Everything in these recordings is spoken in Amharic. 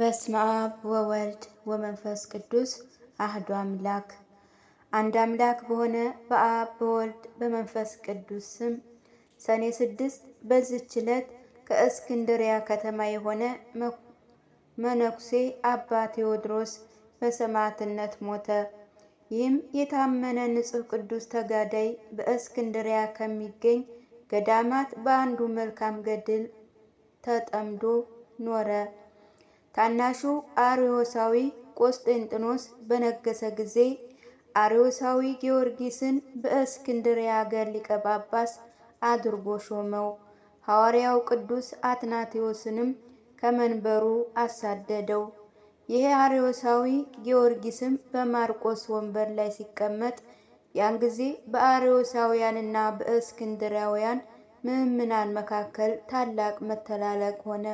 በስመ አብ ወወልድ ወመንፈስ ቅዱስ አህዱ አምላክ አንድ አምላክ በሆነ በአብ በወልድ በመንፈስ ቅዱስ ስም ሰኔ ስድስት በዚች ዕለት ከእስክንድሪያ ከተማ የሆነ መነኩሴ አባ ቴዎድሮስ በሰማዕትነት ሞተ። ይህም የታመነ ንጹሕ ቅዱስ ተጋዳይ በእስክንድሪያ ከሚገኝ ገዳማት በአንዱ መልካም ገድል ተጠምዶ ኖረ። ታናሹ አርዮሳዊ ቆስጤንጥኖስ በነገሰ ጊዜ አርዮሳዊ ጊዮርጊስን በእስክንድርያ ሀገር ሊቀ ጳጳስ አድርጎ ሾመው። ሐዋርያው ቅዱስ አትናቴዎስንም ከመንበሩ አሳደደው። ይሄ አርዮሳዊ ጊዮርጊስም በማርቆስ ወንበር ላይ ሲቀመጥ ያን ጊዜ በአርዮሳውያንና በእስክንድራውያን ምዕምናን መካከል ታላቅ መተላለቅ ሆነ።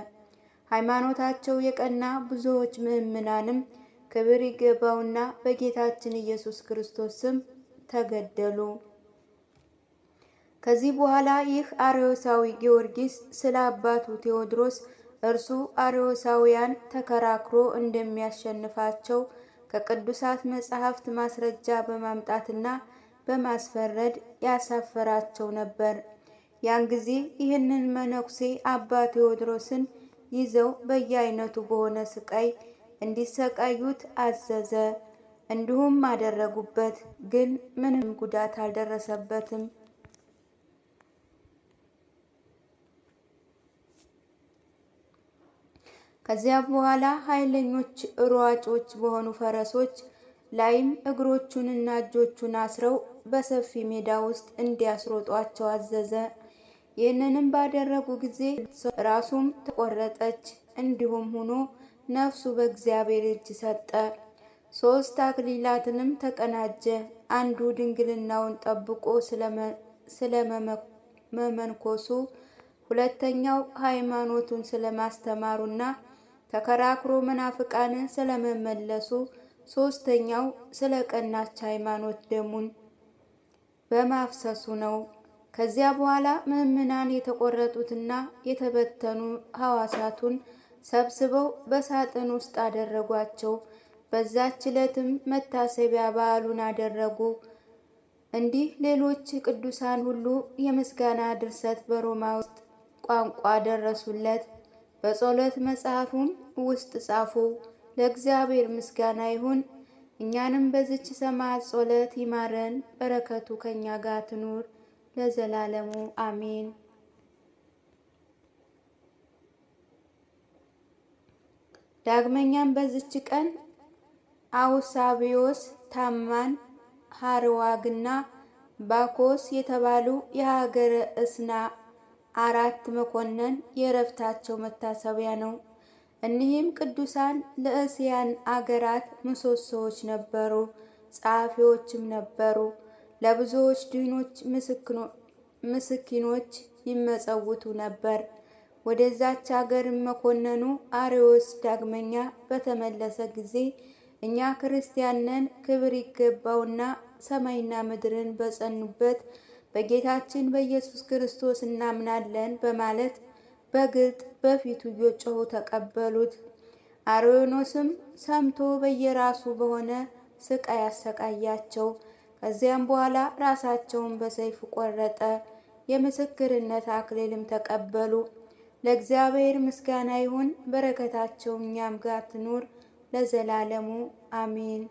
ሃይማኖታቸው የቀና ብዙዎች ምእምናንም ክብር ይገባውና በጌታችን ኢየሱስ ክርስቶስ ስም ተገደሉ። ከዚህ በኋላ ይህ አርዮሳዊ ጊዮርጊስ ስለ አባቱ ቴዎድሮስ እርሱ አርዮሳውያን ተከራክሮ እንደሚያሸንፋቸው ከቅዱሳት መጻሕፍት ማስረጃ በማምጣትና በማስፈረድ ያሳፈራቸው ነበር። ያን ጊዜ ይህንን መነኩሴ አባ ቴዎድሮስን ይዘው በየአይነቱ በሆነ ስቃይ እንዲሰቃዩት አዘዘ። እንዲሁም አደረጉበት፣ ግን ምንም ጉዳት አልደረሰበትም። ከዚያ በኋላ ኃይለኞች ሯጮች በሆኑ ፈረሶች ላይም እግሮቹንና እጆቹን አስረው በሰፊ ሜዳ ውስጥ እንዲያስሮጧቸው አዘዘ። ይህንንም ባደረጉ ጊዜ ራሱም ተቆረጠች። እንዲሁም ሆኖ ነፍሱ በእግዚአብሔር እጅ ሰጠ። ሶስት አክሊላትንም ተቀናጀ። አንዱ ድንግልናውን ጠብቆ ስለመመንኮሱ፣ ሁለተኛው ሃይማኖቱን ስለማስተማሩና ተከራክሮ መናፍቃንን ስለመመለሱ፣ ሶስተኛው ስለ ቀናች ሃይማኖት ደሙን በማፍሰሱ ነው። ከዚያ በኋላ ምዕመናን የተቆረጡትና የተበተኑ ሐዋሳቱን ሰብስበው በሳጥን ውስጥ አደረጓቸው። በዛች ዕለትም መታሰቢያ በዓሉን አደረጉ። እንዲህ ሌሎች ቅዱሳን ሁሉ የምስጋና ድርሰት በሮማ ውስጥ ቋንቋ ደረሱለት። በጸሎት መጽሐፉም ውስጥ ጻፉ። ለእግዚአብሔር ምስጋና ይሁን። እኛንም በዚች ሰማዕት ጸሎት ይማረን፣ በረከቱ ከእኛ ጋር ትኑር ለዘላለሙ አሜን። ዳግመኛም በዚች ቀን አውሳቢዮስ ታማን ሃርዋግና ባኮስ የተባሉ የሀገረ እስና አራት መኮንን የእረፍታቸው መታሰቢያ ነው። እኒህም ቅዱሳን ለእስያን አገራት ምሰሶዎች ነበሩ፣ ጸሐፊዎችም ነበሩ። ለብዙዎች ድኖች ምስኪኖች ይመጸውቱ ነበር። ወደዛች ሀገር መኮንኑ አሪዎስ ዳግመኛ በተመለሰ ጊዜ እኛ ክርስቲያንን ክብር ይገባውና ሰማይና ምድርን በጸኑበት በጌታችን በኢየሱስ ክርስቶስ እናምናለን በማለት በግልጥ በፊቱ እየጮሁ ተቀበሉት። አርዮኖስም ሰምቶ በየራሱ በሆነ ስቃይ አሰቃያቸው። ከዚያም በኋላ ራሳቸውን በሰይፍ ቆረጠ፣ የምስክርነት አክሊልም ተቀበሉ። ለእግዚአብሔር ምስጋና ይሁን፣ በረከታቸው እኛም ጋር ትኑር ለዘላለሙ አሜን።